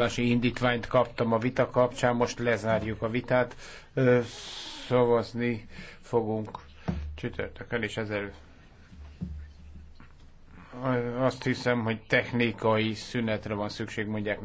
Állási indítványt kaptam a vita kapcsán, most lezárjuk a vitát. Szavazni fogunk csütörtökön és ezelőtt. Azt hiszem, hogy technikai szünetre van szükség, mondják nekem.